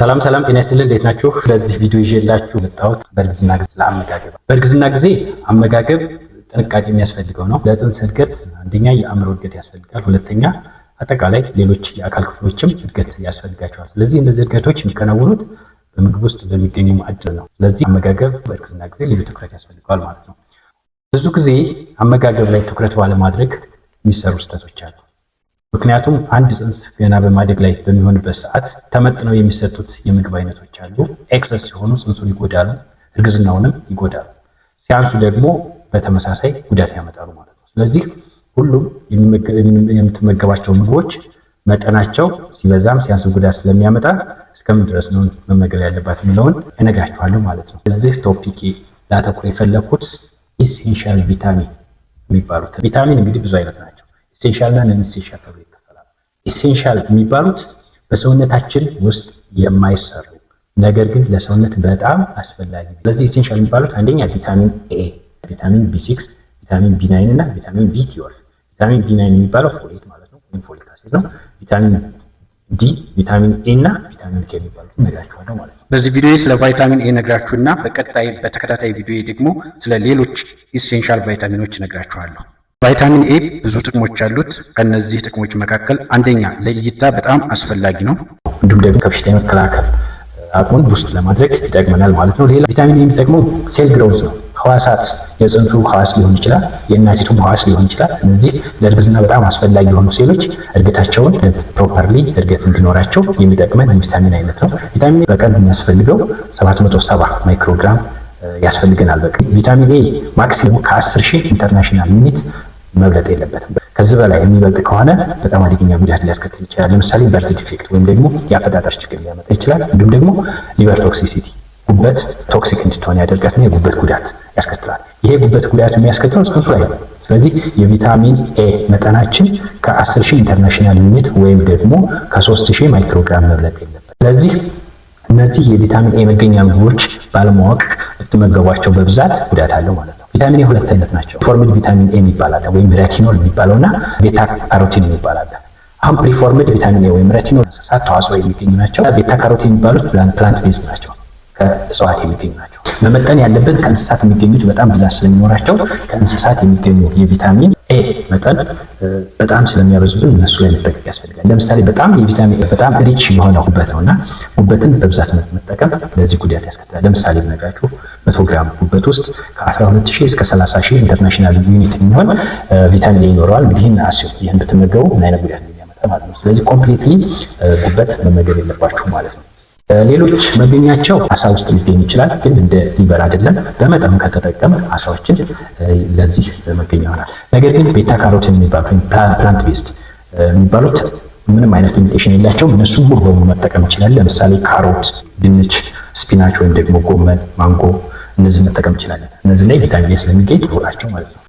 ሰላም ሰላም፣ ጤና ይስጥልን። እንዴት ናችሁ? ለዚህ ቪዲዮ ይዤላችሁ መጣሁት በእርግዝና ጊዜ ስለ አመጋገብ። በእርግዝና ጊዜ አመጋገብ ጥንቃቄ የሚያስፈልገው ነው። ለጽንስ እድገት አንደኛ የአእምሮ እድገት ያስፈልጋል፣ ሁለተኛ አጠቃላይ ሌሎች የአካል ክፍሎችም እድገት ያስፈልጋቸዋል። ስለዚህ እነዚህ እድገቶች የሚከናወኑት በምግብ ውስጥ በሚገኙ ማዕድን ነው። ስለዚህ አመጋገብ በእርግዝና ጊዜ ልዩ ትኩረት ያስፈልገዋል ማለት ነው። ብዙ ጊዜ አመጋገብ ላይ ትኩረት ባለማድረግ የሚሰሩ ስህተቶች አሉ። ምክንያቱም አንድ ጽንስ ገና በማደግ ላይ በሚሆንበት ሰዓት ተመጥነው የሚሰጡት የምግብ አይነቶች አሉ። ኤክሰስ ሲሆኑ ጽንሱን ይጎዳሉ፣ እርግዝናውንም ይጎዳሉ። ሲያንሱ ደግሞ በተመሳሳይ ጉዳት ያመጣሉ ማለት ነው። ስለዚህ ሁሉም የምትመገባቸው ምግቦች መጠናቸው ሲበዛም ሲያንስ ጉዳት ስለሚያመጣ እስከምን ድረስ ነው መመገብ ያለባት የሚለውን እነግራችኋለሁ ማለት ነው። እዚህ ቶፒክ ላተኩር የፈለግኩት ኢሴንሻል ቪታሚን የሚባሉት ቪታሚን እንግዲህ ብዙ አይነት ናቸው። ኢሴንሻል እና ነን ኢሴንሻል ተብሎ ይከፈላል። ኢሴንሻል የሚባሉት በሰውነታችን ውስጥ የማይሰሩ ነገር ግን ለሰውነት በጣም አስፈላጊ። ስለዚህ ኢሴንሻል የሚባሉት አንደኛ ቪታሚን ኤ፣ ቪታሚን ቢ6፣ ቪታሚን ቢ9 እና ቪታሚን ቢ12። ቪታሚን ቢ9 የሚባለው ፎሌት ማለት ነው ወይም ፎሊክ አሲድ ነው። ቪታሚን ዲ፣ ቪታሚን ኤ እና ቪታሚን ኬ የሚባሉት ነግራችኋለሁ ማለት ነው። በዚህ ቪዲዮ ስለ ቫይታሚን ኤ ነግራችሁና በቀጣይ በተከታታይ ቪዲዮ ደግሞ ስለ ሌሎች ኢሴንሻል ቫይታሚኖች ነግራችኋለሁ። ቫይታሚን ኤ ብዙ ጥቅሞች አሉት። ከነዚህ ጥቅሞች መካከል አንደኛ ለእይታ በጣም አስፈላጊ ነው። እንዲሁም ደግሞ ከበሽታ የመከላከል አቅሙን ውስጥ ለማድረግ ይጠቅመናል ማለት ነው። ሌላ ቪታሚን ኤ የሚጠቅመው ሴል ግሮዝ ነው። ህዋሳት የፅንሱ ህዋስ ሊሆን ይችላል፣ የእናቲቱም ህዋስ ሊሆን ይችላል። እነዚህ ለእርግዝና በጣም አስፈላጊ የሆኑ ሴሎች እድገታቸውን ፕሮፐርሊ እድገት እንዲኖራቸው የሚጠቅመን የቪታሚን አይነት ነው። ቪታሚን ኤ በቀን የሚያስፈልገው 770 ማይክሮግራም ያስፈልገናል በቀን። ቪታሚን ኤ ማክሲሙም ከ10 ሺህ ኢንተርናሽናል ዩኒት መብለጥ የለበትም። ከዚህ በላይ የሚበልጥ ከሆነ በጣም አደገኛ ጉዳት ሊያስከትል ይችላል። ለምሳሌ በርት ዲፌክት ወይም ደግሞ የአፈጣጠር ችግር ሊያመጣ ይችላል። እንዲሁም ደግሞ ሊቨር ቶክሲሲቲ ጉበት ቶክሲክ እንድትሆን ነው። የጉበት ጉዳት ያስከትላል። ይሄ ጉበት ጉዳት የሚያስከትለው ጽንሱ ላይ ነው። ስለዚህ የቪታሚን ኤ መጠናችን ከ 10000 ኢንተርናሽናል ዩኒት ወይም ደግሞ ከ 3000 ማይክሮግራም መብለጥ የለበት። ስለዚህ እነዚህ የቪታሚን ኤ መገኛ ምግቦች ባለማወቅ ብትመገቧቸው በብዛት ጉዳት አለው ማለት ነው። ቪታሚን ሁለት አይነት ናቸው። ፎርምድ ቪታሚን ኤ የሚባላለ ወይም ሬቲኖል የሚባለው እና ቤታ ካሮቲን የሚባላለ። አሁን ፕሪፎርምድ ቪታሚን ኤ ወይም ሬቲኖል እንስሳት ተዋጽኦ የሚገኙ ናቸው። ቤታ ካሮቲን የሚባሉት ፕላንት ቤዝ ናቸው፣ ከእጽዋት የሚገኙ ናቸው። መመጠን ያለብን ከእንስሳት የሚገኙት በጣም ብዛት ስለሚኖራቸው ከእንስሳት የሚገኙ የቪታሚን ኤ መጠን በጣም ስለሚያበዙብን እነሱ ላይ መጠቀቅ ያስፈልጋል። ለምሳሌ በጣም የቪታሚን ኤ በጣም ሪች የሆነ ጉበት ነው እና ጉበትን በብዛት መጠቀም ለዚህ ጉዳት ያስከትላል። ለምሳሌ ነጋችሁ መቶ ግራም ጉበት ውስጥ ከ12000 እስከ 30000 ኢንተርናሽናል ዩኒት የሚሆን ቪታሚን ይኖረዋል። እንግዲህ ይህን አስዩ። ይህን ብትመገቡ ምን አይነት ጉዳት የሚያመጣ ማለት ነው። ስለዚህ ኮምፕሊትሊ ጉበት መመገብ የለባችሁ ማለት ነው። ሌሎች መገኛቸው አሳ ውስጥ ሊገኝ ይችላል፣ ግን እንደ ሊቨር አይደለም። በመጠኑ ከተጠቀም አሳዎችን ለዚህ መገኛ ይሆናል። ነገር ግን ቤታ ካሮትን የሚባሉ ፕላንት ቤስት የሚባሉት ምንም አይነት ሊሚቴሽን የላቸውም። እነሱም ሙሉ በሙሉ መጠቀም ይችላል። ለምሳሌ ካሮት፣ ድንች ስፒናች ወይም ደግሞ ጎመን፣ ማንጎ እነዚህ መጠቀም ይችላለን። እነዚህ ላይ ቪታሚን ስለሚገኝ ጥሩ ናቸው ማለት ነው።